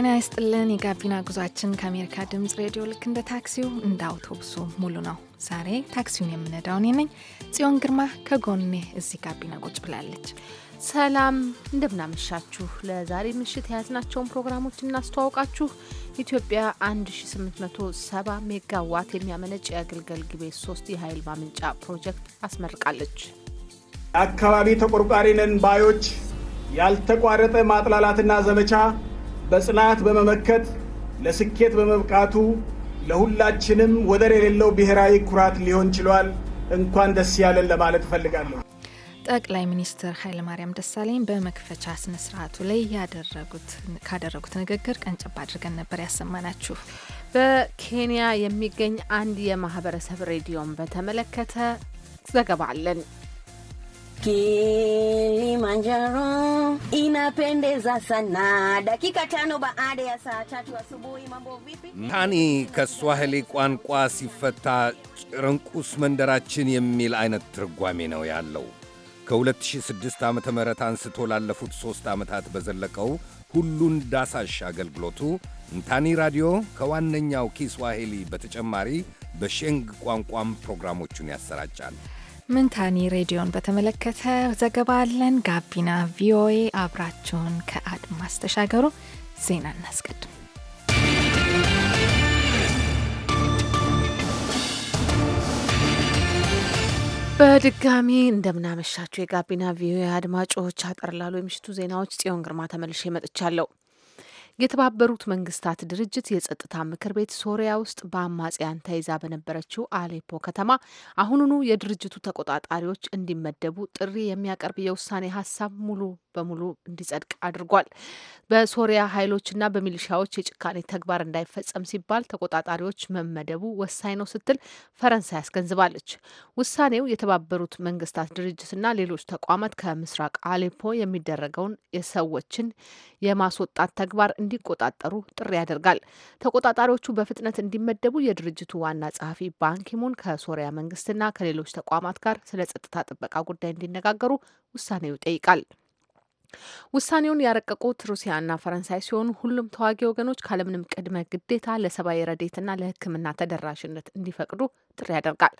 ጤና ይስጥልን። የጋቢና ጉዟችን ከአሜሪካ ድምፅ ሬዲዮ ልክ እንደ ታክሲው እንደ አውቶቡሱ ሙሉ ነው። ዛሬ ታክሲውን የምነዳው እኔ ነኝ ጽዮን ግርማ፣ ከጎኔ እዚህ ጋቢና ቁጭ ብላለች። ሰላም እንደምናመሻችሁ። ለዛሬ ምሽት የያዝናቸውን ፕሮግራሞች እናስተዋውቃችሁ። ኢትዮጵያ 1870 ሜጋዋት የሚያመነጭ የአገልገል ግቤ ሶስት የኃይል ማመንጫ ፕሮጀክት አስመርቃለች። አካባቢ ተቆርቋሪ ነን ባዮች ያልተቋረጠ ማጥላላትና ዘመቻ በጽናት በመመከት ለስኬት በመብቃቱ ለሁላችንም ወደር የሌለው ብሔራዊ ኩራት ሊሆን ችሏል። እንኳን ደስ ያለን ለማለት እፈልጋለሁ። ጠቅላይ ሚኒስትር ኃይለማርያም ደሳለኝ በመክፈቻ ስነ ስርዓቱ ላይ ካደረጉት ንግግር ቀንጨባ አድርገን ነበር ያሰማናችሁ። በኬንያ የሚገኝ አንድ የማህበረሰብ ሬዲዮን በተመለከተ ዘገባ አለን። Kilimanjaro inapendeza sana. Dakika tano baada ya saa tatu asubuhi. Mambo vipi? ታኒ ከስዋሂሊ ቋንቋ ሲፈታ ጭርንቁስ መንደራችን የሚል አይነት ትርጓሜ ነው ያለው። ከ2006 ዓ ም አንስቶ ላለፉት ሦስት ዓመታት በዘለቀው ሁሉን ዳሳሽ አገልግሎቱ እንታኒ ራዲዮ ከዋነኛው ኪስዋሂሊ በተጨማሪ በሼንግ ቋንቋም ፕሮግራሞቹን ያሰራጫል። ምንታኒ ሬዲዮን በተመለከተ ዘገባ አለን። ጋቢና ቪኦኤ አብራችሁን ከአድማስ ተሻገሩ። ዜና እናስቀድም። በድጋሚ እንደምናመሻችሁ የጋቢና ቪኦኤ አድማጮች፣ አጠር ላሉ የምሽቱ ዜናዎች ጽዮን ግርማ ተመልሼ መጥቻለሁ። የተባበሩት መንግስታት ድርጅት የጸጥታ ምክር ቤት ሶሪያ ውስጥ በአማጽያን ተይዛ በነበረችው አሌፖ ከተማ አሁኑኑ የድርጅቱ ተቆጣጣሪዎች እንዲመደቡ ጥሪ የሚያቀርብ የውሳኔ ሀሳብ ሙሉ በሙሉ እንዲጸድቅ አድርጓል። በሶሪያ ኃይሎችና በሚሊሻዎች የጭካኔ ተግባር እንዳይፈጸም ሲባል ተቆጣጣሪዎች መመደቡ ወሳኝ ነው ስትል ፈረንሳይ አስገንዝባለች። ውሳኔው የተባበሩት መንግስታት ድርጅትና ሌሎች ተቋማት ከምስራቅ አሌፖ የሚደረገውን የሰዎችን የማስወጣት ተግባር እንዲቆጣጠሩ ጥሪ ያደርጋል። ተቆጣጣሪዎቹ በፍጥነት እንዲመደቡ የድርጅቱ ዋና ጸሐፊ ባንኪሙን ከሶሪያ መንግስትና ከሌሎች ተቋማት ጋር ስለ ጸጥታ ጥበቃ ጉዳይ እንዲነጋገሩ ውሳኔው ይጠይቃል። ውሳኔውን ያረቀቁት ሩሲያና ፈረንሳይ ሲሆኑ ሁሉም ተዋጊ ወገኖች ካለምንም ቅድመ ግዴታ ለሰብአዊ ረዴትና ለሕክምና ተደራሽነት እንዲፈቅዱ ጥሪ ያደርጋል።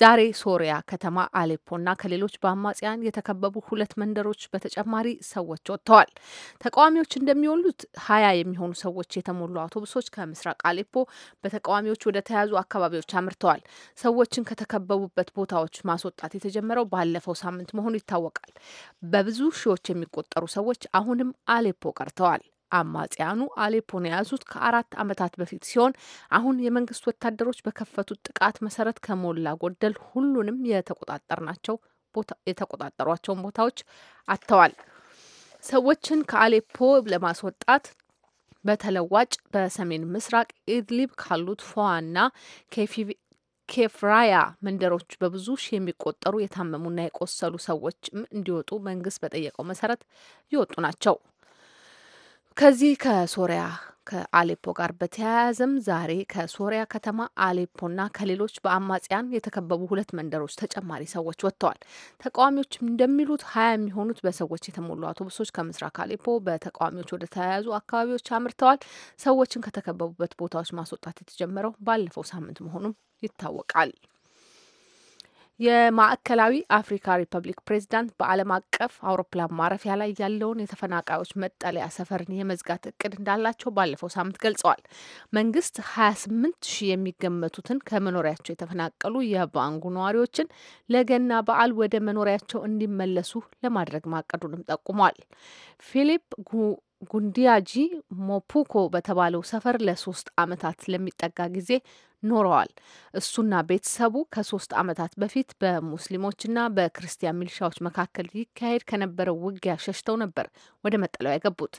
ዛሬ ሶሪያ ከተማ አሌፖና ከሌሎች በአማጽያን የተከበቡ ሁለት መንደሮች በተጨማሪ ሰዎች ወጥተዋል። ተቃዋሚዎች እንደሚወሉት ሀያ የሚሆኑ ሰዎች የተሞሉ አውቶቡሶች ከምስራቅ አሌፖ በተቃዋሚዎች ወደ ተያዙ አካባቢዎች አምርተዋል። ሰዎችን ከተከበቡበት ቦታዎች ማስወጣት የተጀመረው ባለፈው ሳምንት መሆኑ ይታወቃል። በብዙ ሺዎች የሚቆጠ የሚቆጠሩ ሰዎች አሁንም አሌፖ ቀርተዋል። አማጽያኑ አሌፖን የያዙት ከአራት ዓመታት በፊት ሲሆን አሁን የመንግስት ወታደሮች በከፈቱት ጥቃት መሰረት ከሞላ ጎደል ሁሉንም የተቆጣጠርናቸው የተቆጣጠሯቸውን ቦታዎች አጥተዋል። ሰዎችን ከአሌፖ ለማስወጣት በተለዋጭ በሰሜን ምስራቅ ኢድሊብ ካሉት ፎዋና ኬፍራያ መንደሮች በብዙ ሺህ የሚቆጠሩ የታመሙና የቆሰሉ ሰዎችም እንዲወጡ መንግስት በጠየቀው መሰረት እየወጡ ናቸው። ከዚህ ከሶሪያ ከአሌፖ ጋር በተያያዘም ዛሬ ከሶሪያ ከተማ አሌፖና ከሌሎች በአማጽያን የተከበቡ ሁለት መንደሮች ተጨማሪ ሰዎች ወጥተዋል። ተቃዋሚዎች እንደሚሉት ሀያ የሚሆኑት በሰዎች የተሞሉ አውቶቡሶች ከምስራቅ አሌፖ በተቃዋሚዎች ወደ ተያያዙ አካባቢዎች አምርተዋል። ሰዎችን ከተከበቡበት ቦታዎች ማስወጣት የተጀመረው ባለፈው ሳምንት መሆኑም ይታወቃል። የማዕከላዊ አፍሪካ ሪፐብሊክ ፕሬዝዳንት በዓለም አቀፍ አውሮፕላን ማረፊያ ላይ ያለውን የተፈናቃዮች መጠለያ ሰፈርን የመዝጋት እቅድ እንዳላቸው ባለፈው ሳምንት ገልጸዋል። መንግስት 28 ሺህ የሚገመቱትን ከመኖሪያቸው የተፈናቀሉ የባንጉ ነዋሪዎችን ለገና በዓል ወደ መኖሪያቸው እንዲመለሱ ለማድረግ ማቀዱንም ጠቁሟል። ፊሊፕ ጉንዲያጂ ሞፑኮ በተባለው ሰፈር ለሶስት ዓመታት ለሚጠጋ ጊዜ ኖረዋል። እሱና ቤተሰቡ ከሶስት ዓመታት በፊት በሙስሊሞችና በክርስቲያን ሚሊሻዎች መካከል ይካሄድ ከነበረው ውጊያ ሸሽተው ነበር ወደ መጠለያው የገቡት።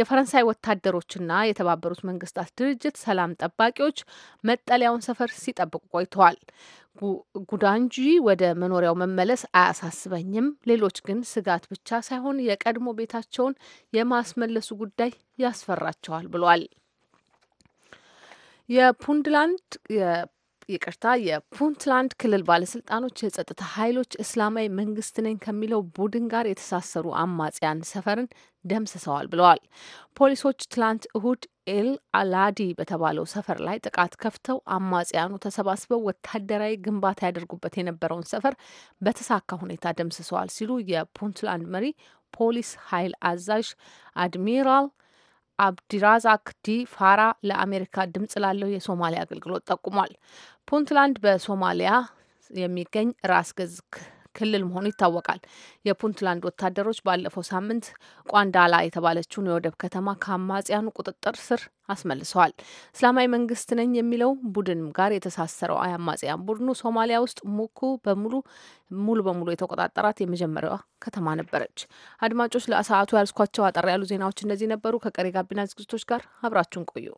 የፈረንሳይ ወታደሮችና የተባበሩት መንግስታት ድርጅት ሰላም ጠባቂዎች መጠለያውን ሰፈር ሲጠብቁ ቆይተዋል። ጉዳንጂ ወደ መኖሪያው መመለስ አያሳስበኝም፣ ሌሎች ግን ስጋት ብቻ ሳይሆን የቀድሞ ቤታቸውን የማስመለሱ ጉዳይ ያስፈራቸዋል ብሏል። የፑንትላንድ ይቅርታ የፑንትላንድ ክልል ባለስልጣኖች የጸጥታ ኃይሎች እስላማዊ መንግስት ነኝ ከሚለው ቡድን ጋር የተሳሰሩ አማጽያን ሰፈርን ደምስሰዋል ብለዋል። ፖሊሶች ትላንት እሁድ ኤል አላዲ በተባለው ሰፈር ላይ ጥቃት ከፍተው አማጽያኑ ተሰባስበው ወታደራዊ ግንባታ ያደርጉበት የነበረውን ሰፈር በተሳካ ሁኔታ ደምስሰዋል ሲሉ የፑንትላንድ መሪ ፖሊስ ኃይል አዛዥ አድሚራል አብዲራዛክ ዲ ፋራ ለአሜሪካ ድምጽ ላለው የሶማሊያ አገልግሎት ጠቁሟል። ፑንትላንድ በሶማሊያ የሚገኝ ራስ ገዝክ ክልል መሆኑ ይታወቃል። የፑንትላንድ ወታደሮች ባለፈው ሳምንት ቋንዳላ የተባለችውን የወደብ ከተማ ከአማጽያኑ ቁጥጥር ስር አስመልሰዋል። እስላማዊ መንግስት ነኝ የሚለው ቡድንም ጋር የተሳሰረው አማጽያን ቡድኑ ሶማሊያ ውስጥ ሙኩ በሙሉ ሙሉ በሙሉ የተቆጣጠራት የመጀመሪያዋ ከተማ ነበረች። አድማጮች ለሰዓቱ ያልስኳቸው አጠር ያሉ ዜናዎች እነዚህ ነበሩ። ከቀሪ ጋቢና ዝግጅቶች ጋር አብራችሁን ቆዩ።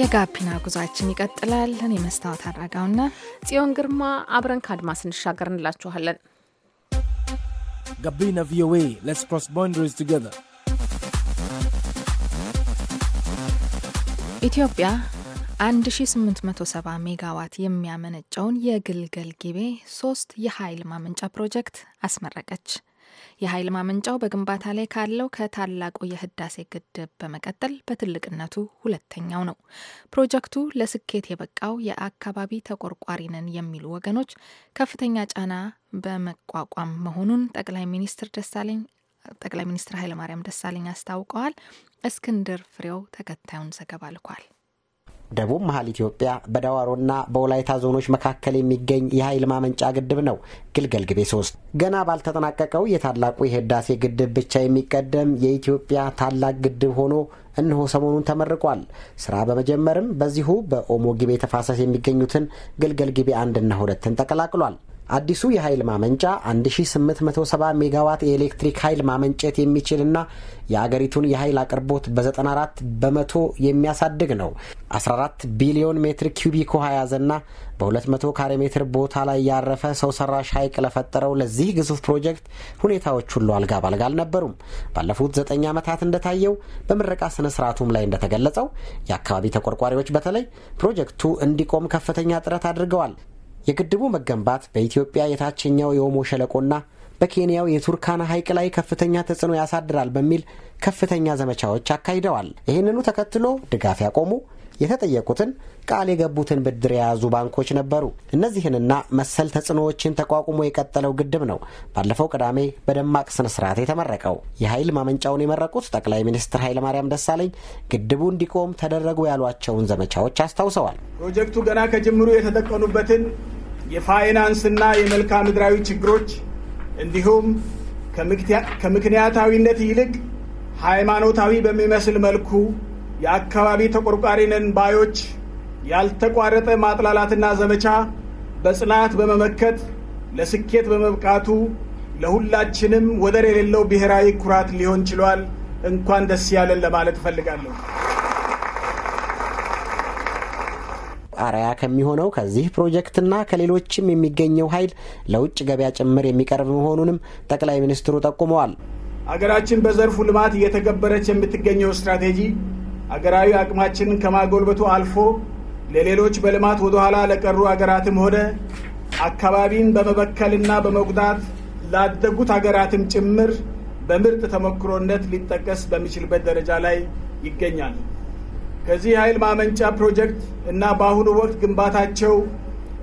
የጋቢና ጉዟችን ይቀጥላል። እኔ መስታወት አድረጋውና ጽዮን ግርማ አብረን ከአድማስ እንሻገር እንላችኋለን። ጋቢና ቪኦኤ ሌትስ ክሮስ ቦንደሪስ ቱጌዘር። ኢትዮጵያ 1870 ሜጋዋት የሚያመነጨውን የግልገል ጊቤ ሶስት የኃይል ማመንጫ ፕሮጀክት አስመረቀች። የኃይል ማመንጫው በግንባታ ላይ ካለው ከታላቁ የህዳሴ ግድብ በመቀጠል በትልቅነቱ ሁለተኛው ነው። ፕሮጀክቱ ለስኬት የበቃው የአካባቢ ተቆርቋሪ ነን የሚሉ ወገኖች ከፍተኛ ጫና በመቋቋም መሆኑን ጠቅላይ ሚኒስትር ደሳለኝ ጠቅላይ ሚኒስትር ኃይለማርያም ደሳለኝ አስታውቀዋል። እስክንድር ፍሬው ተከታዩን ዘገባ ልኳል። ደቡብ መሀል ኢትዮጵያ በዳዋሮና በወላይታ ዞኖች መካከል የሚገኝ የኃይል ማመንጫ ግድብ ነው። ግልገል ግቤ ሶስት ገና ባልተጠናቀቀው የታላቁ የህዳሴ ግድብ ብቻ የሚቀደም የኢትዮጵያ ታላቅ ግድብ ሆኖ እነሆ ሰሞኑን ተመርቋል። ስራ በመጀመርም በዚሁ በኦሞ ጊቤ ተፋሰስ የሚገኙትን ግልገል ጊቤ አንድና ሁለትን ተቀላቅሏል። አዲሱ የኃይል ማመንጫ 1870 ሜጋዋት የኤሌክትሪክ ኃይል ማመንጨት የሚችልና የአገሪቱን የኃይል አቅርቦት በ94 በመቶ የሚያሳድግ ነው። 14 ቢሊዮን ሜትር ኪዩቢክ ውሃ የያዘና በ200 ካሬ ሜትር ቦታ ላይ ያረፈ ሰው ሰራሽ ሐይቅ ለፈጠረው ለዚህ ግዙፍ ፕሮጀክት ሁኔታዎች ሁሉ አልጋ ባልጋ አልነበሩም። ባለፉት ዘጠኝ ዓመታት እንደታየው በምረቃ ስነ ስርዓቱም ላይ እንደተገለጸው የአካባቢ ተቆርቋሪዎች በተለይ ፕሮጀክቱ እንዲቆም ከፍተኛ ጥረት አድርገዋል። የግድቡ መገንባት በኢትዮጵያ የታችኛው የኦሞ ሸለቆና በኬንያው የቱርካና ሐይቅ ላይ ከፍተኛ ተጽዕኖ ያሳድራል በሚል ከፍተኛ ዘመቻዎች አካሂደዋል። ይህንኑ ተከትሎ ድጋፍ ያቆሙ የተጠየቁትን ቃል የገቡትን ብድር የያዙ ባንኮች ነበሩ። እነዚህንና መሰል ተጽዕኖዎችን ተቋቁሞ የቀጠለው ግድብ ነው ባለፈው ቅዳሜ በደማቅ ስነስርዓት የተመረቀው። የኃይል ማመንጫውን የመረቁት ጠቅላይ ሚኒስትር ኃይለማርያም ደሳለኝ ግድቡ እንዲቆም ተደረጉ ያሏቸውን ዘመቻዎች አስታውሰዋል። ፕሮጀክቱ ገና ከጅምሩ የተጠቀኑበትን የፋይናንስና የመልክዓ ምድራዊ ችግሮች እንዲሁም ከምክንያታዊነት ይልቅ ሃይማኖታዊ በሚመስል መልኩ የአካባቢ ተቆርቋሪ ባዮች ያልተቋረጠ ማጥላላትና ዘመቻ በጽናት በመመከት ለስኬት በመብቃቱ ለሁላችንም ወደር የሌለው ብሔራዊ ኩራት ሊሆን ችሏል። እንኳን ደስ ያለን ለማለት እፈልጋለሁ። አርአያ ከሚሆነው ከዚህ ፕሮጀክትና ከሌሎችም የሚገኘው ኃይል ለውጭ ገበያ ጭምር የሚቀርብ መሆኑንም ጠቅላይ ሚኒስትሩ ጠቁመዋል። አገራችን በዘርፉ ልማት እየተገበረች የምትገኘው ስትራቴጂ አገራዊ አቅማችንን ከማጎልበቱ አልፎ ለሌሎች በልማት ወደኋላ ለቀሩ አገራትም ሆነ አካባቢን በመበከልና በመጉዳት ላደጉት አገራትም ጭምር በምርጥ ተሞክሮነት ሊጠቀስ በሚችልበት ደረጃ ላይ ይገኛል። ከዚህ ኃይል ማመንጫ ፕሮጀክት እና በአሁኑ ወቅት ግንባታቸው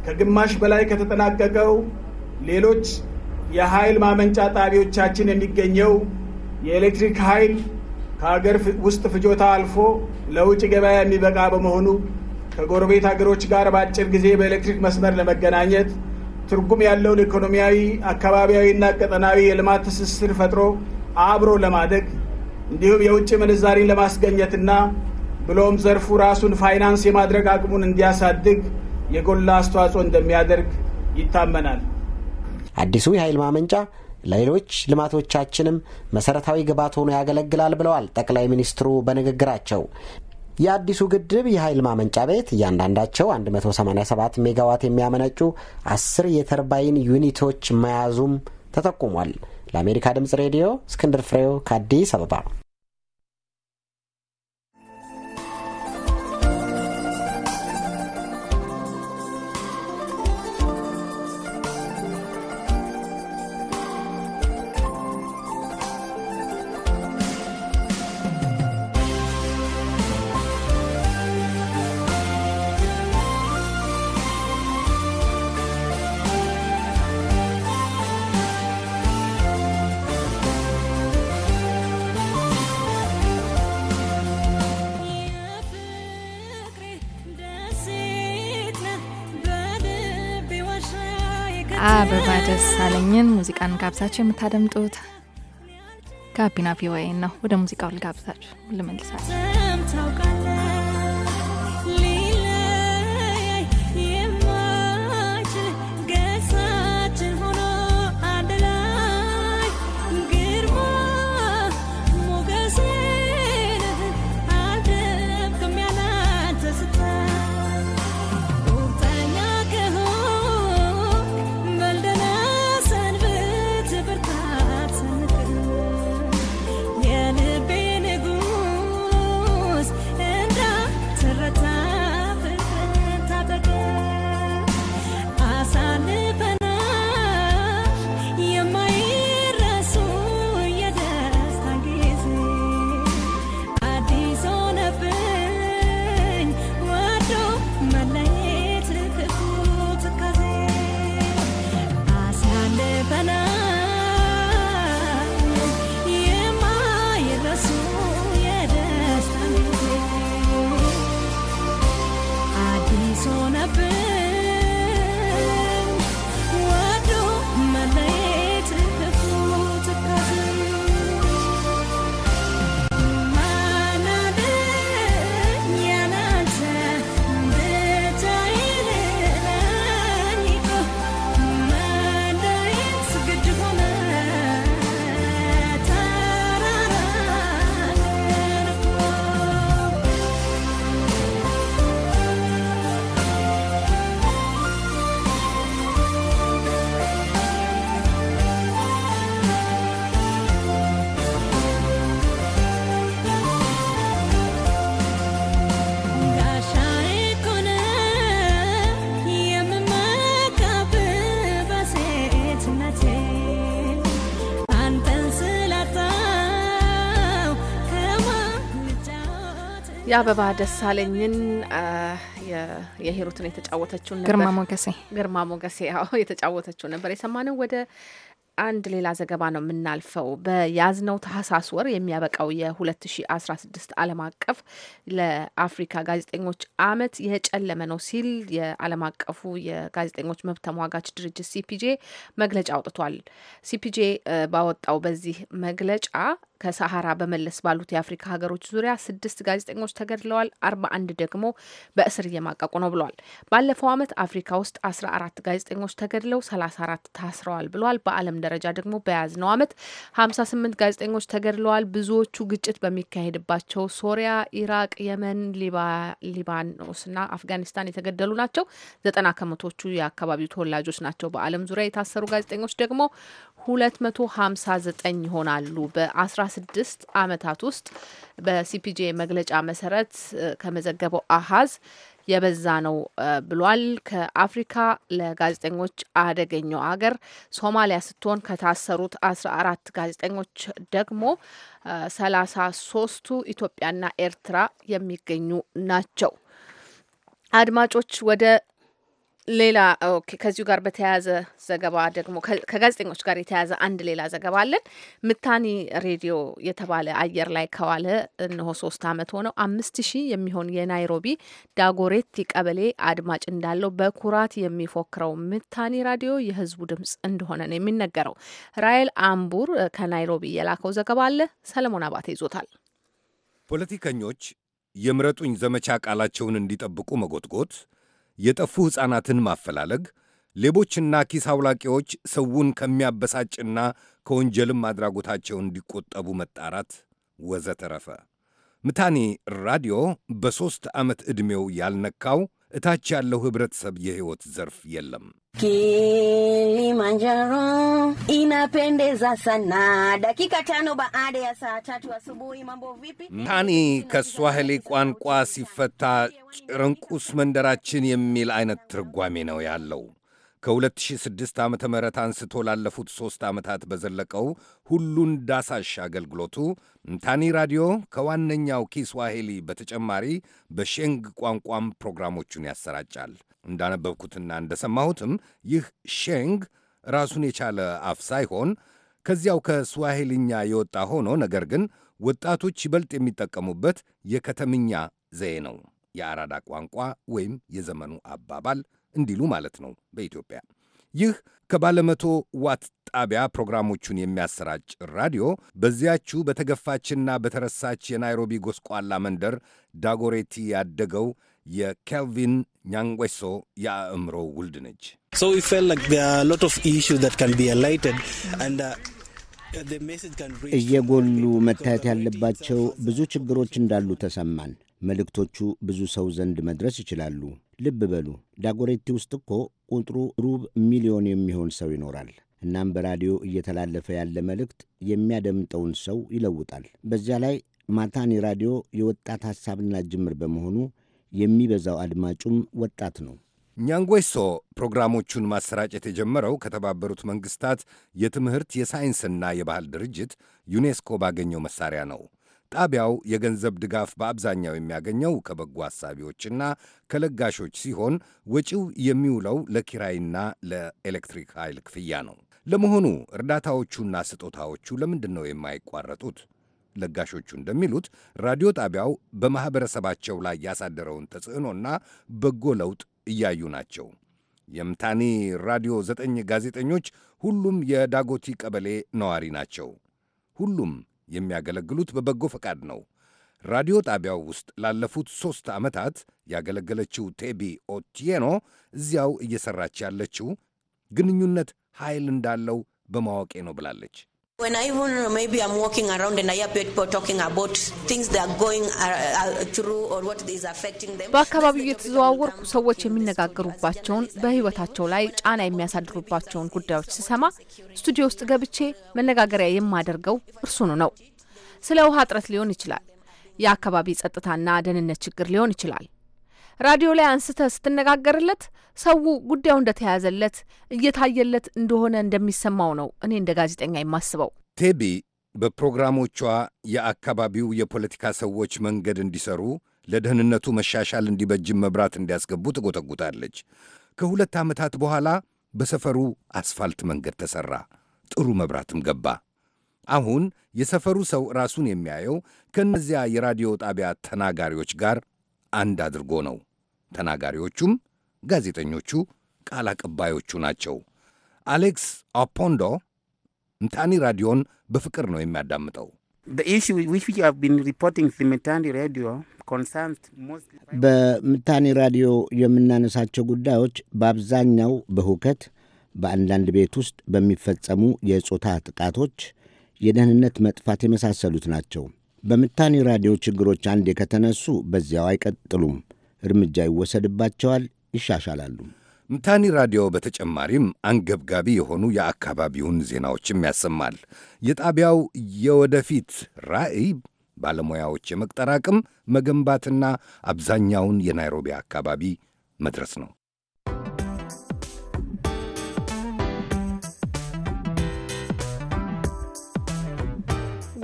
ከግማሽ በላይ ከተጠናቀቀው ሌሎች የኃይል ማመንጫ ጣቢያዎቻችን የሚገኘው የኤሌክትሪክ ኃይል ከሀገር ውስጥ ፍጆታ አልፎ ለውጭ ገበያ የሚበቃ በመሆኑ ከጎረቤት ሀገሮች ጋር በአጭር ጊዜ በኤሌክትሪክ መስመር ለመገናኘት ትርጉም ያለውን ኢኮኖሚያዊ፣ አካባቢያዊና ቀጠናዊ የልማት ትስስር ፈጥሮ አብሮ ለማደግ እንዲሁም የውጭ ምንዛሪን ለማስገኘትና ብሎም ዘርፉ ራሱን ፋይናንስ የማድረግ አቅሙን እንዲያሳድግ የጎላ አስተዋጽኦ እንደሚያደርግ ይታመናል። አዲሱ የኃይል ማመንጫ ለሌሎች ልማቶቻችንም መሰረታዊ ግብዓት ሆኖ ያገለግላል ብለዋል ጠቅላይ ሚኒስትሩ በንግግራቸው። የአዲሱ ግድብ የኃይል ማመንጫ ቤት እያንዳንዳቸው 187 ሜጋዋት የሚያመነጩ አስር የተርባይን ዩኒቶች መያዙም ተጠቁሟል። ለአሜሪካ ድምፅ ሬዲዮ እስክንድር ፍሬው ከአዲስ አበባ አበባ ደሳለኝን ሙዚቃን ጋብዛችሁ የምታደምጡት ጋቢና ቪኦኤ ነው። ወደ ሙዚቃው ልጋብዛችሁ ልመልሳችሁ። አበባ ደሳለኝን የሂሩትን የተጫወተችውን ነበር። ግርማ ሞገሴ ግርማ ሞገሴ የተጫወተችው ነበር የሰማነው። ወደ አንድ ሌላ ዘገባ ነው የምናልፈው። በያዝነው ታህሳስ ወር የሚያበቃው የ2016 ዓለም አቀፍ ለአፍሪካ ጋዜጠኞች አመት የጨለመ ነው ሲል የዓለም አቀፉ የጋዜጠኞች መብት ተሟጋች ድርጅት ሲፒጄ መግለጫ አውጥቷል። ሲፒጄ ባወጣው በዚህ መግለጫ ከሳሐራ በመለስ ባሉት የአፍሪካ ሀገሮች ዙሪያ ስድስት ጋዜጠኞች ተገድለዋል። አርባ አንድ ደግሞ በእስር እየማቀቁ ነው ብለዋል። ባለፈው ዓመት አፍሪካ ውስጥ አስራ አራት ጋዜጠኞች ተገድለው ሰላሳ አራት ታስረዋል ብለዋል። በዓለም ደረጃ ደግሞ በያዝነው ዓመት ሀምሳ ስምንት ጋዜጠኞች ተገድለዋል። ብዙዎቹ ግጭት በሚካሄድባቸው ሶሪያ፣ ኢራቅ፣ የመን፣ ሊባኖስና አፍጋኒስታን የተገደሉ ናቸው። ዘጠና ከመቶቹ የአካባቢው ተወላጆች ናቸው። በዓለም ዙሪያ የታሰሩ ጋዜጠኞች ደግሞ 259 ይሆናሉ። በ16 ዓመታት ውስጥ በሲፒጄ መግለጫ መሰረት ከመዘገበው አሀዝ የበዛ ነው ብሏል። ከአፍሪካ ለጋዜጠኞች አደገኛው አገር ሶማሊያ ስትሆን ከታሰሩት አስራ አራት ጋዜጠኞች ደግሞ ሰላሳ ሶስቱ ኢትዮጵያና ኤርትራ የሚገኙ ናቸው። አድማጮች ወደ ሌላ ከዚሁ ጋር በተያያዘ ዘገባ ደግሞ ከጋዜጠኞች ጋር የተያያዘ አንድ ሌላ ዘገባ አለን። ምታኒ ሬዲዮ የተባለ አየር ላይ ከዋለ እነሆ ሶስት አመት ሆነው አምስት ሺህ የሚሆን የናይሮቢ ዳጎሬቲ ቀበሌ አድማጭ እንዳለው በኩራት የሚፎክረው ምታኒ ራዲዮ የህዝቡ ድምጽ እንደሆነ ነው የሚነገረው። ራይል አምቡር ከናይሮቢ የላከው ዘገባ አለ። ሰለሞን አባተ ይዞታል። ፖለቲከኞች የምረጡኝ ዘመቻ ቃላቸውን እንዲጠብቁ መጎትጎት የጠፉ ሕፃናትን ማፈላለግ፣ ሌቦችና ኪስ አውላቂዎች ሰውን ከሚያበሳጭና ከወንጀልም አድራጎታቸው እንዲቆጠቡ መጣራት ወዘተረፈ። ምታኔ ራዲዮ በሦስት ዓመት ዕድሜው ያልነካው እታች ያለው ኅብረተሰብ የሕይወት ዘርፍ የለም። Kilimanjaro inapendeza sana. Dakika tano baada ya saa tatu asubuhi. Mambo vipi? ታኒ ከስዋሂሊ ቋንቋ ሲፈታ ጭርንቁስ መንደራችን የሚል አይነት ትርጓሜ ነው ያለው። ከ2006 ዓ ም አንስቶ ላለፉት ሦስት ዓመታት በዘለቀው ሁሉን ዳሳሽ አገልግሎቱ ምታኒ ራዲዮ ከዋነኛው ኪስዋሂሊ በተጨማሪ በሼንግ ቋንቋም ፕሮግራሞቹን ያሰራጫል። እንዳነበብኩትና እንደሰማሁትም ይህ ሼንግ ራሱን የቻለ አፍ ሳይሆን ከዚያው ከስዋሂልኛ የወጣ ሆኖ ነገር ግን ወጣቶች ይበልጥ የሚጠቀሙበት የከተምኛ ዘዬ ነው። የአራዳ ቋንቋ ወይም የዘመኑ አባባል እንዲሉ ማለት ነው በኢትዮጵያ። ይህ ከባለመቶ ዋት ጣቢያ ፕሮግራሞቹን የሚያሰራጭ ራዲዮ በዚያችው በተገፋችና በተረሳች የናይሮቢ ጎስቋላ መንደር ዳጎሬቲ ያደገው የኬልቪን ኛንጎሶ የአእምሮ ውልድ ነች። uh, እየጎሉ መታየት ያለባቸው ብዙ ችግሮች እንዳሉ ተሰማን። መልእክቶቹ ብዙ ሰው ዘንድ መድረስ ይችላሉ። ልብ በሉ ዳጎሬቲ ውስጥ እኮ ቁጥሩ ሩብ ሚሊዮን የሚሆን ሰው ይኖራል። እናም በራዲዮ እየተላለፈ ያለ መልእክት የሚያደምጠውን ሰው ይለውጣል። በዚያ ላይ ማታኒ ራዲዮ የወጣት ሐሳብና ጅምር በመሆኑ የሚበዛው አድማጩም ወጣት ነው። ኛንጎይሶ ፕሮግራሞቹን ማሰራጨት የጀመረው ከተባበሩት መንግሥታት የትምህርት የሳይንስና የባህል ድርጅት ዩኔስኮ ባገኘው መሳሪያ ነው። ጣቢያው የገንዘብ ድጋፍ በአብዛኛው የሚያገኘው ከበጎ አሳቢዎችና ከለጋሾች ሲሆን ወጪው የሚውለው ለኪራይና ለኤሌክትሪክ ኃይል ክፍያ ነው። ለመሆኑ እርዳታዎቹና ስጦታዎቹ ለምንድን ነው የማይቋረጡት? ለጋሾቹ እንደሚሉት ራዲዮ ጣቢያው በማኅበረሰባቸው ላይ ያሳደረውን ተጽዕኖና በጎ ለውጥ እያዩ ናቸው። የምታኒ ራዲዮ ዘጠኝ ጋዜጠኞች ሁሉም የዳጎቲ ቀበሌ ነዋሪ ናቸው። ሁሉም የሚያገለግሉት በበጎ ፈቃድ ነው። ራዲዮ ጣቢያው ውስጥ ላለፉት ሦስት ዓመታት ያገለገለችው ቴቢ ኦቲየኖ እዚያው እየሠራች ያለችው ግንኙነት ኃይል እንዳለው በማወቄ ነው ብላለች። When I even uh, maybe I'm walking around and I hear people talking about things that are going uh, uh, through or what is affecting them. በአካባቢው የተዘዋወርኩ ሰዎች የሚነጋገሩባቸውን በሕይወታቸው ላይ ጫና የሚያሳድሩባቸውን ጉዳዮች ስሰማ ስቱዲዮ ውስጥ ገብቼ መነጋገሪያ የማደርገው እርሱኑ ነው። ስለ ውሃ እጥረት ሊሆን ይችላል። የአካባቢ ጸጥታና ደህንነት ችግር ሊሆን ይችላል። ራዲዮ ላይ አንስተ ስትነጋገርለት ሰው ጉዳዩ እንደተያዘለት እየታየለት እንደሆነ እንደሚሰማው ነው እኔ እንደ ጋዜጠኛ የማስበው። ቴቢ በፕሮግራሞቿ የአካባቢው የፖለቲካ ሰዎች መንገድ እንዲሰሩ ለደህንነቱ መሻሻል እንዲበጅም መብራት እንዲያስገቡ ትጎተጉታለች። ከሁለት ዓመታት በኋላ በሰፈሩ አስፋልት መንገድ ተሠራ፣ ጥሩ መብራትም ገባ። አሁን የሰፈሩ ሰው ራሱን የሚያየው ከእነዚያ የራዲዮ ጣቢያ ተናጋሪዎች ጋር አንድ አድርጎ ነው። ተናጋሪዎቹም ጋዜጠኞቹ፣ ቃል አቀባዮቹ ናቸው። አሌክስ አፖንዶ ምታኒ ራዲዮን በፍቅር ነው የሚያዳምጠው። በምታኒ ራዲዮ የምናነሳቸው ጉዳዮች በአብዛኛው በሁከት፣ በአንዳንድ ቤት ውስጥ በሚፈጸሙ የጾታ ጥቃቶች፣ የደህንነት መጥፋት የመሳሰሉት ናቸው። በምታኒ ራዲዮ ችግሮች አንዴ ከተነሱ በዚያው አይቀጥሉም። እርምጃ ይወሰድባቸዋል፣ ይሻሻላሉ። ምታኒ ራዲዮ በተጨማሪም አንገብጋቢ የሆኑ የአካባቢውን ዜናዎችም ያሰማል። የጣቢያው የወደፊት ራዕይ ባለሙያዎች የመቅጠር አቅም መገንባትና አብዛኛውን የናይሮቢ አካባቢ መድረስ ነው።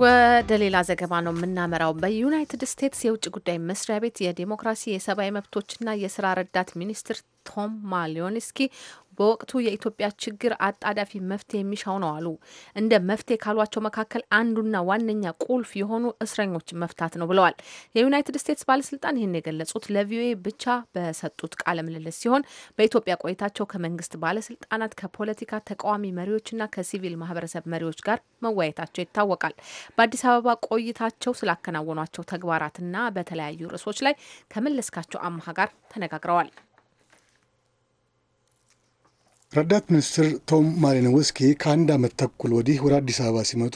ወደ ሌላ ዘገባ ነው የምናመራው። በዩናይትድ ስቴትስ የውጭ ጉዳይ መስሪያ ቤት የዲሞክራሲ የሰብአዊ መብቶችና የስራ ረዳት ሚኒስትር ቶም ማሊዮንስኪ በወቅቱ የኢትዮጵያ ችግር አጣዳፊ መፍትሄ የሚሻው ነው አሉ። እንደ መፍትሄ ካሏቸው መካከል አንዱና ዋነኛ ቁልፍ የሆኑ እስረኞችን መፍታት ነው ብለዋል። የዩናይትድ ስቴትስ ባለስልጣን ይህን የገለጹት ለቪኦኤ ብቻ በሰጡት ቃለ ምልልስ ሲሆን በኢትዮጵያ ቆይታቸው ከመንግስት ባለስልጣናት፣ ከፖለቲካ ተቃዋሚ መሪዎችና ከሲቪል ማህበረሰብ መሪዎች ጋር መወያየታቸው ይታወቃል። በአዲስ አበባ ቆይታቸው ስላከናወኗቸው ተግባራትና በተለያዩ ርዕሶች ላይ ከመለስካቸው አማሃ ጋር ተነጋግረዋል። ረዳት ሚኒስትር ቶም ማሊኖውስኪ ከአንድ ዓመት ተኩል ወዲህ ወደ አዲስ አበባ ሲመጡ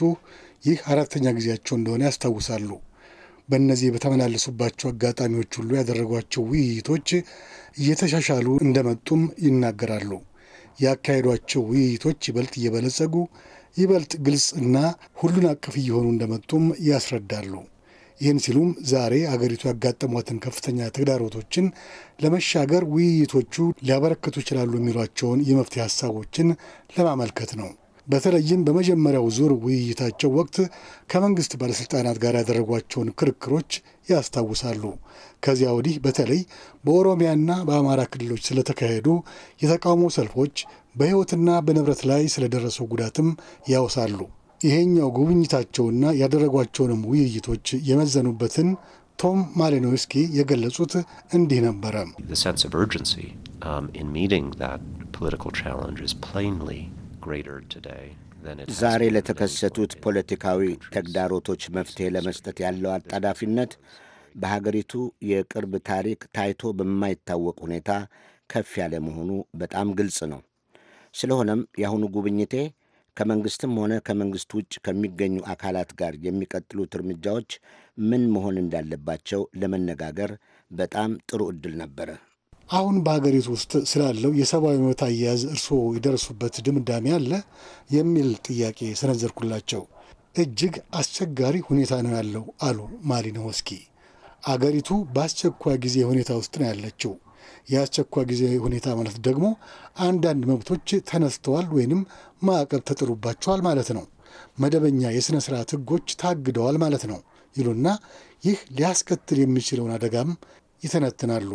ይህ አራተኛ ጊዜያቸው እንደሆነ ያስታውሳሉ። በእነዚህ በተመላለሱባቸው አጋጣሚዎች ሁሉ ያደረጓቸው ውይይቶች እየተሻሻሉ እንደመጡም ይናገራሉ። ያካሄዷቸው ውይይቶች ይበልጥ እየበለጸጉ ይበልጥ ግልጽ እና ሁሉን አቀፍ እየሆኑ እንደመጡም ያስረዳሉ። ይህን ሲሉም ዛሬ አገሪቱ ያጋጠሟትን ከፍተኛ ተግዳሮቶችን ለመሻገር ውይይቶቹ ሊያበረክቱ ይችላሉ የሚሏቸውን የመፍትሄ ሀሳቦችን ለማመልከት ነው። በተለይም በመጀመሪያው ዙር ውይይታቸው ወቅት ከመንግስት ባለስልጣናት ጋር ያደረጓቸውን ክርክሮች ያስታውሳሉ። ከዚያ ወዲህ በተለይ በኦሮሚያና በአማራ ክልሎች ስለተካሄዱ የተቃውሞ ሰልፎች፣ በሕይወትና በንብረት ላይ ስለደረሰው ጉዳትም ያወሳሉ። ይሄኛው ጉብኝታቸውና ያደረጓቸውንም ውይይቶች የመዘኑበትን ቶም ማሊኖስኪ የገለጹት እንዲህ ነበረ። um, ዛሬ ለተከሰቱት ፖለቲካዊ ተግዳሮቶች መፍትሄ ለመስጠት ያለው አጣዳፊነት በሀገሪቱ የቅርብ ታሪክ ታይቶ በማይታወቅ ሁኔታ ከፍ ያለ መሆኑ በጣም ግልጽ ነው። ስለሆነም የአሁኑ ጉብኝቴ ከመንግስትም ሆነ ከመንግስት ውጭ ከሚገኙ አካላት ጋር የሚቀጥሉት እርምጃዎች ምን መሆን እንዳለባቸው ለመነጋገር በጣም ጥሩ እድል ነበረ። አሁን በሀገሪቱ ውስጥ ስላለው የሰብአዊ መብት አያያዝ እርስዎ የደረሱበት ድምዳሜ አለ የሚል ጥያቄ ሰነዘርኩላቸው። እጅግ አስቸጋሪ ሁኔታ ነው ያለው አሉ ማሊኖውስኪ። አገሪቱ በአስቸኳይ ጊዜ ሁኔታ ውስጥ ነው ያለችው። የአስቸኳይ ጊዜ ሁኔታ ማለት ደግሞ አንዳንድ መብቶች ተነስተዋል ወይንም ማዕቀብ ተጥሩባቸዋል ማለት ነው። መደበኛ የሥነ ሥርዓት ሕጎች ታግደዋል ማለት ነው ይሉና ይህ ሊያስከትል የሚችለውን አደጋም ይተነትናሉ።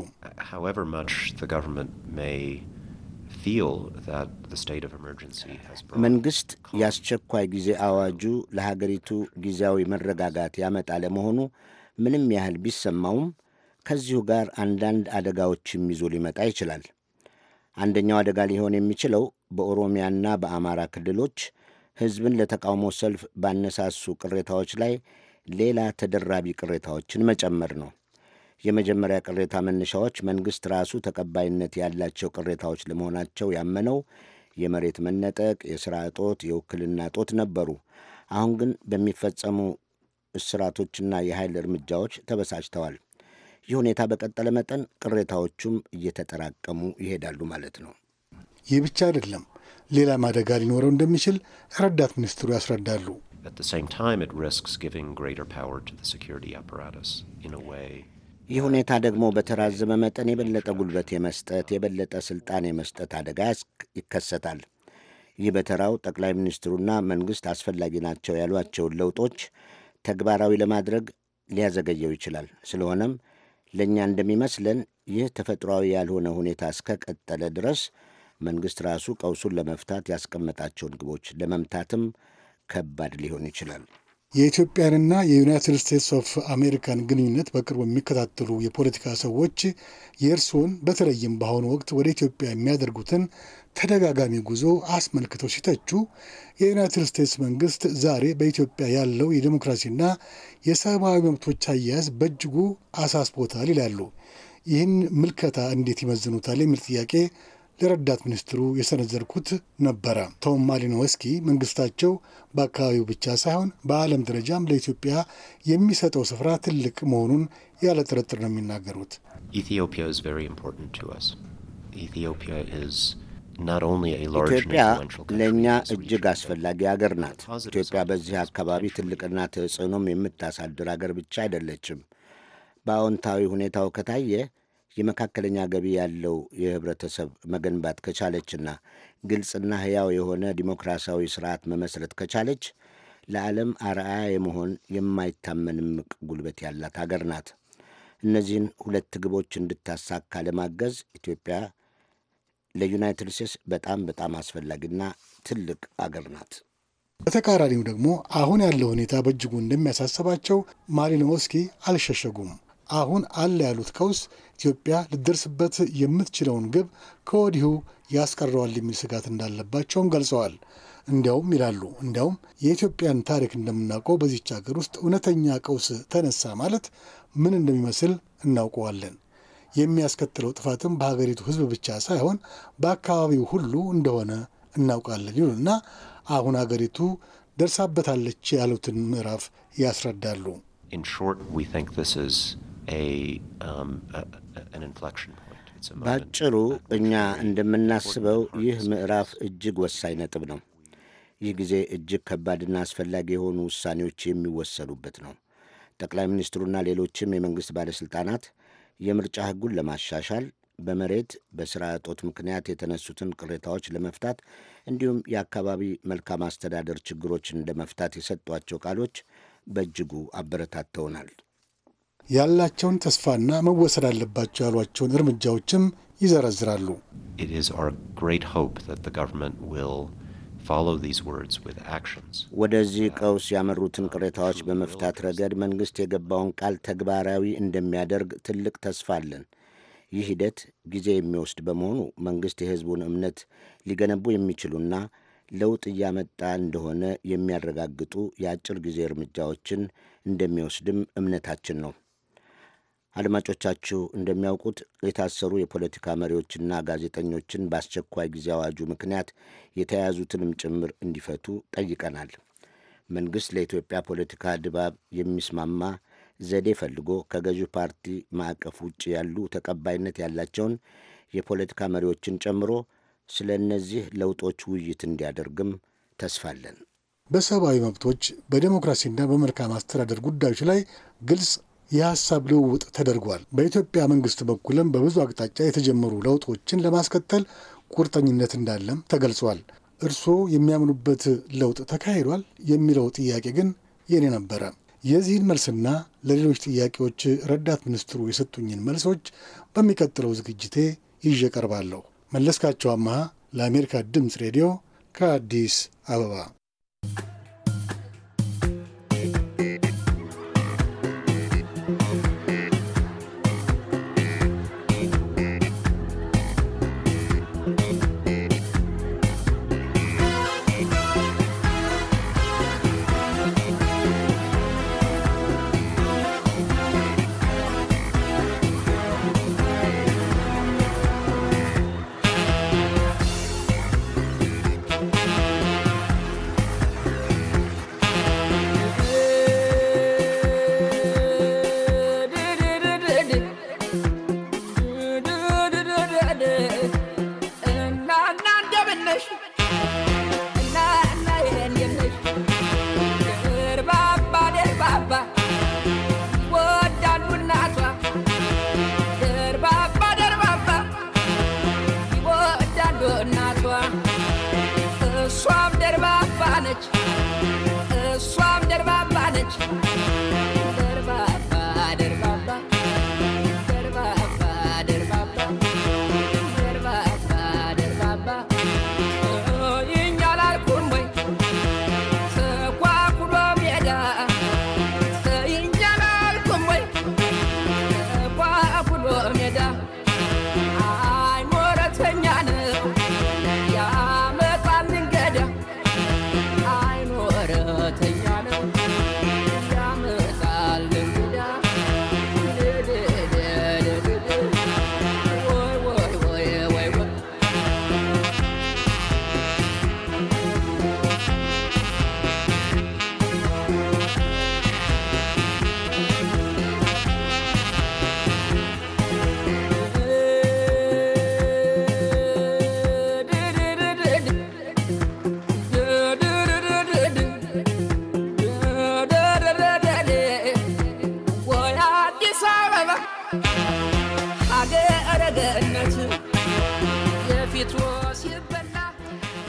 መንግሥት የአስቸኳይ ጊዜ አዋጁ ለሀገሪቱ ጊዜያዊ መረጋጋት ያመጣ ለመሆኑ ምንም ያህል ቢሰማውም ከዚሁ ጋር አንዳንድ አደጋዎችም ይዞ ሊመጣ ይችላል። አንደኛው አደጋ ሊሆን የሚችለው በኦሮሚያና በአማራ ክልሎች ሕዝብን ለተቃውሞ ሰልፍ ባነሳሱ ቅሬታዎች ላይ ሌላ ተደራቢ ቅሬታዎችን መጨመር ነው። የመጀመሪያ ቅሬታ መነሻዎች መንግሥት ራሱ ተቀባይነት ያላቸው ቅሬታዎች ለመሆናቸው ያመነው የመሬት መነጠቅ፣ የሥራ እጦት፣ የውክልና እጦት ነበሩ። አሁን ግን በሚፈጸሙ እስራቶችና የኃይል እርምጃዎች ተበሳጭተዋል። ይህ ሁኔታ በቀጠለ መጠን ቅሬታዎቹም እየተጠራቀሙ ይሄዳሉ ማለት ነው። ይህ ብቻ አይደለም፣ ሌላም አደጋ ሊኖረው እንደሚችል ረዳት ሚኒስትሩ ያስረዳሉ። ይህ ሁኔታ ደግሞ በተራዘመ መጠን የበለጠ ጉልበት የመስጠት የበለጠ ስልጣን የመስጠት አደጋ ይከሰታል። ይህ በተራው ጠቅላይ ሚኒስትሩና መንግሥት አስፈላጊ ናቸው ያሏቸውን ለውጦች ተግባራዊ ለማድረግ ሊያዘገየው ይችላል። ስለሆነም ለእኛ እንደሚመስለን ይህ ተፈጥሯዊ ያልሆነ ሁኔታ እስከ ቀጠለ ድረስ መንግሥት ራሱ ቀውሱን ለመፍታት ያስቀመጣቸውን ግቦች ለመምታትም ከባድ ሊሆን ይችላል። የኢትዮጵያንና የዩናይትድ ስቴትስ ኦፍ አሜሪካን ግንኙነት በቅርቡ የሚከታተሉ የፖለቲካ ሰዎች የእርስዎን በተለይም በአሁኑ ወቅት ወደ ኢትዮጵያ የሚያደርጉትን ተደጋጋሚ ጉዞ አስመልክተው ሲተቹ የዩናይትድ ስቴትስ መንግስት ዛሬ በኢትዮጵያ ያለው የዴሞክራሲና የሰብአዊ መብቶች አያያዝ በእጅጉ አሳስቦታል ይላሉ። ይህን ምልከታ እንዴት ይመዝኑታል የሚል ጥያቄ ለረዳት ሚኒስትሩ የሰነዘርኩት ነበረ። ቶም ማሊኖወስኪ መንግስታቸው በአካባቢው ብቻ ሳይሆን በዓለም ደረጃም ለኢትዮጵያ የሚሰጠው ስፍራ ትልቅ መሆኑን ያለ ጥርጥር ነው የሚናገሩት። ኢትዮጵያ ኢትዮጵያ ለእኛ እጅግ አስፈላጊ አገር ናት። ኢትዮጵያ በዚህ አካባቢ ትልቅና ተጽዕኖም የምታሳድር አገር ብቻ አይደለችም። በአዎንታዊ ሁኔታው ከታየ የመካከለኛ ገቢ ያለው የህብረተሰብ መገንባት ከቻለችና ግልጽና ሕያው የሆነ ዲሞክራሲያዊ ስርዓት መመስረት ከቻለች ለዓለም አርአያ የመሆን የማይታመን እምቅ ጉልበት ያላት አገር ናት። እነዚህን ሁለት ግቦች እንድታሳካ ለማገዝ ኢትዮጵያ ለዩናይትድ ስቴትስ በጣም በጣም አስፈላጊና ትልቅ አገር ናት። በተቃራኒው ደግሞ አሁን ያለው ሁኔታ በእጅጉ እንደሚያሳስባቸው ማሊኖስኪ አልሸሸጉም። አሁን አለ ያሉት ቀውስ ኢትዮጵያ ልደርስበት የምትችለውን ግብ ከወዲሁ ያስቀረዋል የሚል ስጋት እንዳለባቸውም ገልጸዋል። እንዲያውም ይላሉ፣ እንዲያውም የኢትዮጵያን ታሪክ እንደምናውቀው በዚች ሀገር ውስጥ እውነተኛ ቀውስ ተነሳ ማለት ምን እንደሚመስል እናውቀዋለን። የሚያስከትለው ጥፋትም በሀገሪቱ ህዝብ ብቻ ሳይሆን በአካባቢው ሁሉ እንደሆነ እናውቃለን ይሉና አሁን ሀገሪቱ ደርሳበታለች ያሉትን ምዕራፍ ያስረዳሉ። ባጭሩ um, እኛ እንደምናስበው ይህ ምዕራፍ እጅግ ወሳኝ ነጥብ ነው። ይህ ጊዜ እጅግ ከባድና አስፈላጊ የሆኑ ውሳኔዎች የሚወሰዱበት ነው። ጠቅላይ ሚኒስትሩና ሌሎችም የመንግሥት ባለሥልጣናት የምርጫ ሕጉን ለማሻሻል በመሬት በስራ እጦት ምክንያት የተነሱትን ቅሬታዎች ለመፍታት እንዲሁም የአካባቢ መልካም አስተዳደር ችግሮችን ለመፍታት የሰጧቸው ቃሎች በእጅጉ አበረታተውናል። ያላቸውን ተስፋና መወሰድ አለባቸው ያሏቸውን እርምጃዎችም ይዘረዝራሉ። ወደዚህ uh, ቀውስ ያመሩትን uh, ቅሬታዎች በመፍታት ረገድ መንግሥት የገባውን ቃል ተግባራዊ እንደሚያደርግ ትልቅ ተስፋ አለን። ይህ ሂደት ጊዜ የሚወስድ በመሆኑ መንግሥት የሕዝቡን እምነት ሊገነቡ የሚችሉና ለውጥ እያመጣ እንደሆነ የሚያረጋግጡ የአጭር ጊዜ እርምጃዎችን እንደሚወስድም እምነታችን ነው። አድማጮቻችሁ እንደሚያውቁት የታሰሩ የፖለቲካ መሪዎችና ጋዜጠኞችን በአስቸኳይ ጊዜ አዋጁ ምክንያት የተያዙትንም ጭምር እንዲፈቱ ጠይቀናል። መንግሥት ለኢትዮጵያ ፖለቲካ ድባብ የሚስማማ ዘዴ ፈልጎ ከገዢ ፓርቲ ማዕቀፍ ውጭ ያሉ ተቀባይነት ያላቸውን የፖለቲካ መሪዎችን ጨምሮ ስለ እነዚህ ለውጦች ውይይት እንዲያደርግም ተስፋለን። በሰብአዊ መብቶች በዴሞክራሲና በመልካም አስተዳደር ጉዳዮች ላይ ግልጽ የሀሳብ ልውውጥ ተደርጓል። በኢትዮጵያ መንግስት በኩልም በብዙ አቅጣጫ የተጀመሩ ለውጦችን ለማስከተል ቁርጠኝነት እንዳለም ተገልጿል። እርስዎ የሚያምኑበት ለውጥ ተካሂዷል የሚለው ጥያቄ ግን የኔ ነበረ። የዚህን መልስና ለሌሎች ጥያቄዎች ረዳት ሚኒስትሩ የሰጡኝን መልሶች በሚቀጥለው ዝግጅቴ ይዤ ቀርባለሁ። መለስካቸው አመሃ ለአሜሪካ ድምፅ ሬዲዮ ከአዲስ አበባ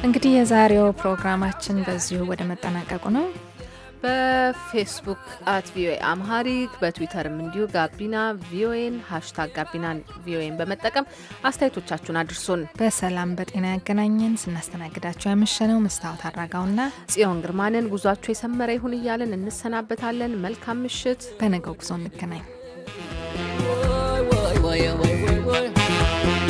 እንግዲህ የዛሬው ፕሮግራማችን በዚሁ ወደ መጠናቀቁ ነው። በፌስቡክ አት ቪኦኤ አምሃሪክ በትዊተርም እንዲሁ ጋቢና ቪኦኤን ሀሽታግ ጋቢና ቪኦኤን በመጠቀም አስተያየቶቻችሁን አድርሱን። በሰላም በጤና ያገናኘን። ስናስተናግዳቸው ያመሸነው መስታወት አድራጋውና ጽዮን ግርማንን ጉዟቸው የሰመረ ይሁን እያለን እንሰናበታለን። መልካም ምሽት። በነገው ጉዞ እንገናኝ። yeah, oi, oi, oi.